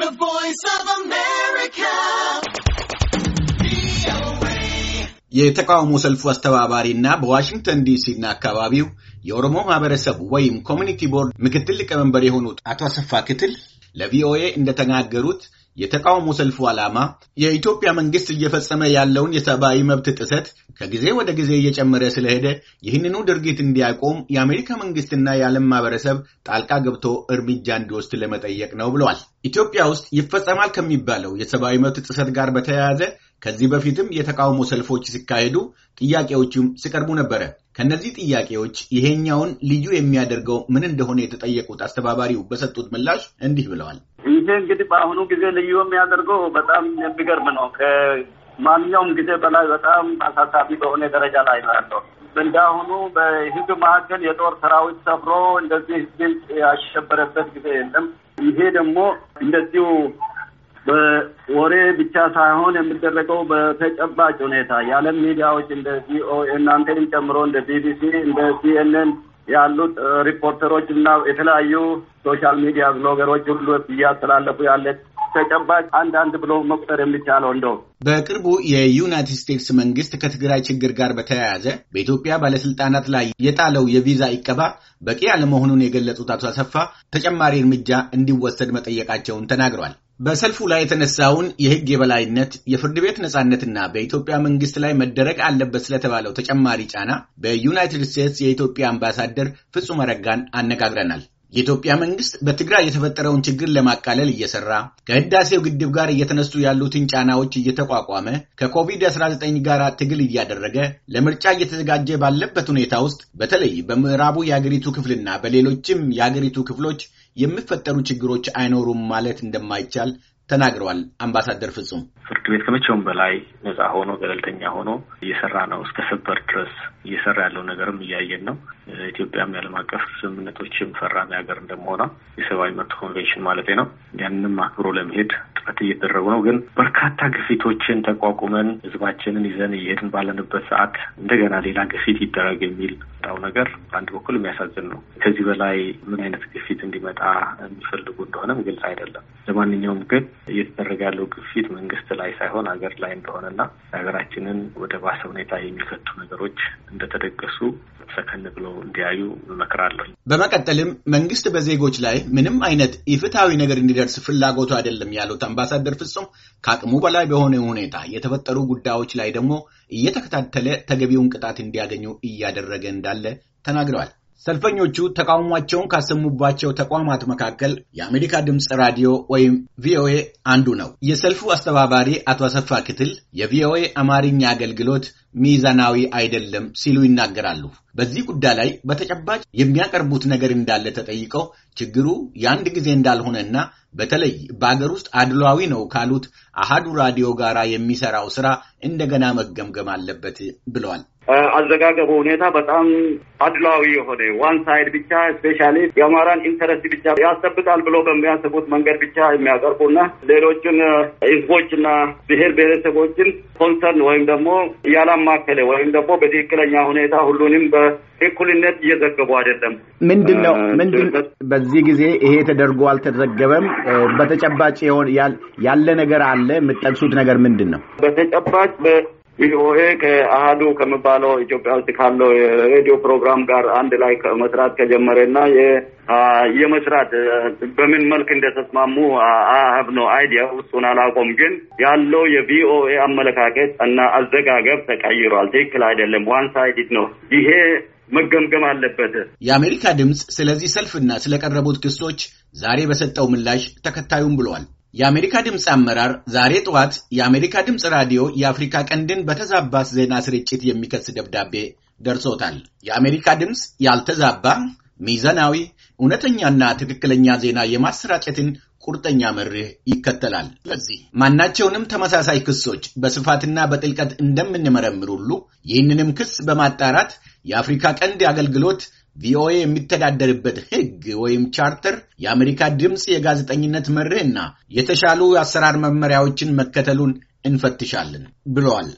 The Voice of America. የተቃውሞ ሰልፉ አስተባባሪና በዋሽንግተን ዲሲና አካባቢው የኦሮሞ ማህበረሰብ ወይም ኮሚኒቲ ቦርድ ምክትል ሊቀመንበር የሆኑት አቶ አሰፋ ክትል ለቪኦኤ እንደተናገሩት የተቃውሞ ሰልፉ ዓላማ የኢትዮጵያ መንግስት እየፈጸመ ያለውን የሰብአዊ መብት ጥሰት ከጊዜ ወደ ጊዜ እየጨመረ ስለሄደ ይህንኑ ድርጊት እንዲያቆም የአሜሪካ መንግስትና የዓለም ማህበረሰብ ጣልቃ ገብቶ እርምጃ እንዲወስድ ለመጠየቅ ነው ብለዋል። ኢትዮጵያ ውስጥ ይፈጸማል ከሚባለው የሰብአዊ መብት ጥሰት ጋር በተያያዘ ከዚህ በፊትም የተቃውሞ ሰልፎች ሲካሄዱ ጥያቄዎቹም ሲቀርቡ ነበረ። ከእነዚህ ጥያቄዎች ይሄኛውን ልዩ የሚያደርገው ምን እንደሆነ የተጠየቁት አስተባባሪው በሰጡት ምላሽ እንዲህ ብለዋል። ይሄ እንግዲህ በአሁኑ ጊዜ ልዩ የሚያደርገው በጣም የሚገርም ነው። ከማንኛውም ጊዜ በላይ በጣም አሳሳቢ በሆነ ደረጃ ላይ ነው ያለው። እንዳሁኑ በህዝብ መካከል የጦር ሰራዊት ሰፍሮ እንደዚህ ህዝብን ያሸበረበት ጊዜ የለም። ይሄ ደግሞ እንደዚሁ በወሬ ብቻ ሳይሆን የሚደረገው በተጨባጭ ሁኔታ የዓለም ሚዲያዎች እንደ ቪኦኤ እናንተንም ጨምሮ እንደ ቢቢሲ እንደ ሲኤንኤን ያሉት ሪፖርተሮች እና የተለያዩ ሶሻል ሚዲያ ብሎገሮች ሁሉ እያስተላለፉ ያለ ተጨባጭ አንዳንድ ብሎ መቁጠር የሚቻለው እንደው በቅርቡ የዩናይትድ ስቴትስ መንግስት ከትግራይ ችግር ጋር በተያያዘ በኢትዮጵያ ባለስልጣናት ላይ የጣለው የቪዛ ይቀባ በቂ አለመሆኑን የገለጹት አቶ አሰፋ ተጨማሪ እርምጃ እንዲወሰድ መጠየቃቸውን ተናግሯል። በሰልፉ ላይ የተነሳውን የህግ የበላይነት የፍርድ ቤት ነጻነትና በኢትዮጵያ መንግስት ላይ መደረግ አለበት ስለተባለው ተጨማሪ ጫና በዩናይትድ ስቴትስ የኢትዮጵያ አምባሳደር ፍጹም አረጋን አነጋግረናል። የኢትዮጵያ መንግስት በትግራይ የተፈጠረውን ችግር ለማቃለል እየሰራ ከህዳሴው ግድብ ጋር እየተነሱ ያሉትን ጫናዎች እየተቋቋመ ከኮቪድ-19 ጋር ትግል እያደረገ ለምርጫ እየተዘጋጀ ባለበት ሁኔታ ውስጥ በተለይ በምዕራቡ የአገሪቱ ክፍልና በሌሎችም የአገሪቱ ክፍሎች የሚፈጠሩ ችግሮች አይኖሩም ማለት እንደማይቻል ተናግረዋል። አምባሳደር ፍጹም ፍርድ ቤት ከመቼውም በላይ ነጻ ሆኖ ገለልተኛ ሆኖ እየሰራ ነው። እስከ ሰበር ድረስ እየሰራ ያለው ነገርም እያየን ነው። ኢትዮጵያም የዓለም አቀፍ ስምምነቶችም ፈራሚ ሀገር እንደመሆኗ የሰብአዊ መብት ኮንቬንሽን ማለት ነው ያንንም አክብሮ ለመሄድ ጥረት እየተደረጉ ነው። ግን በርካታ ግፊቶችን ተቋቁመን ህዝባችንን ይዘን እየሄድን ባለንበት ሰዓት እንደገና ሌላ ግፊት ይደረግ የሚል ጣው ነገር በአንድ በኩል የሚያሳዝን ነው። ከዚህ በላይ ምን አይነት ግፊት እንዲመጣ የሚፈልጉ እንደሆነም ግልጽ አይደለም። ለማንኛውም ግን እየተደረገ ያለው ግፊት መንግስት ላይ ሳይሆን ሀገር ላይ እንደሆነና ሀገራችንን ወደ ባሰ ሁኔታ የሚከቱ ነገሮች እንደተደገሱ ሰከን ብለው እንዲያዩ እመክራለሁ። በመቀጠልም መንግስት በዜጎች ላይ ምንም አይነት ኢፍትሐዊ ነገር እንዲደርስ ፍላጎቱ አይደለም ያሉት አምባሳደር ፍጹም ከአቅሙ በላይ በሆነ ሁኔታ የተፈጠሩ ጉዳዮች ላይ ደግሞ እየተከታተለ ተገቢውን ቅጣት እንዲያገኙ እያደረገ እንዳለ ተናግረዋል። ሰልፈኞቹ ተቃውሟቸውን ካሰሙባቸው ተቋማት መካከል የአሜሪካ ድምፅ ራዲዮ ወይም ቪኦኤ አንዱ ነው። የሰልፉ አስተባባሪ አቶ አሰፋ ክትል የቪኦኤ አማርኛ አገልግሎት ሚዛናዊ አይደለም ሲሉ ይናገራሉ። በዚህ ጉዳይ ላይ በተጨባጭ የሚያቀርቡት ነገር እንዳለ ተጠይቀው ችግሩ የአንድ ጊዜ እንዳልሆነና በተለይ በአገር ውስጥ አድሏዊ ነው ካሉት አሃዱ ራዲዮ ጋር የሚሰራው ስራ እንደገና መገምገም አለበት ብለዋል። አዘጋገቡ ሁኔታ በጣም አድሏዊ የሆነ ዋን ሳይድ ብቻ ስፔሻሊ የአማራን ኢንተረስት ብቻ ያስጠብቃል ብሎ በሚያስቡት መንገድ ብቻ የሚያቀርቡና ሌሎችን ህዝቦችና ብሔር ብሔረሰቦችን ኮንሰርን ወይም ደግሞ እያላማከለ ወይም ደግሞ በትክክለኛ ሁኔታ ሁሉንም በእኩልነት እየዘገቡ አይደለም። ምንድን ነው ምንድን በዚህ ጊዜ ይሄ ተደርጎ አልተዘገበም። በተጨባጭ ያለ ነገር አለ። የምጠቅሱት ነገር ምንድን ነው በተጨባጭ ቪኦኤ ከአህዱ ከሚባለው ኢትዮጵያ ውስጥ ካለው የሬዲዮ ፕሮግራም ጋር አንድ ላይ መስራት ከጀመረ የመስራት በምን መልክ እንደተስማሙ አህብ ነው አይዲያ ውስጡን አላቆም። ግን ያለው የቪኦኤ አመለካከት እና አዘጋገብ ተቀይሯል። ትክክል አይደለም። ዋን ሳይዲድ ነው ይሄ መገምገም አለበት። የአሜሪካ ድምፅ ስለዚህ ሰልፍና ስለቀረቡት ክሶች ዛሬ በሰጠው ምላሽ ተከታዩም ብለዋል። የአሜሪካ ድምፅ አመራር ዛሬ ጠዋት የአሜሪካ ድምፅ ራዲዮ የአፍሪካ ቀንድን በተዛባ ዜና ስርጭት የሚከስ ደብዳቤ ደርሶታል። የአሜሪካ ድምፅ ያልተዛባ ሚዛናዊ፣ እውነተኛና ትክክለኛ ዜና የማሰራጨትን ቁርጠኛ መርህ ይከተላል። ለዚህ ማናቸውንም ተመሳሳይ ክሶች በስፋትና በጥልቀት እንደምንመረምር ሁሉ ይህንንም ክስ በማጣራት የአፍሪካ ቀንድ አገልግሎት ቪኦኤ የሚተዳደርበት ሕግ ወይም ቻርተር የአሜሪካ ድምፅ የጋዜጠኝነት መርህና የተሻሉ የአሰራር መመሪያዎችን መከተሉን እንፈትሻለን ብለዋል።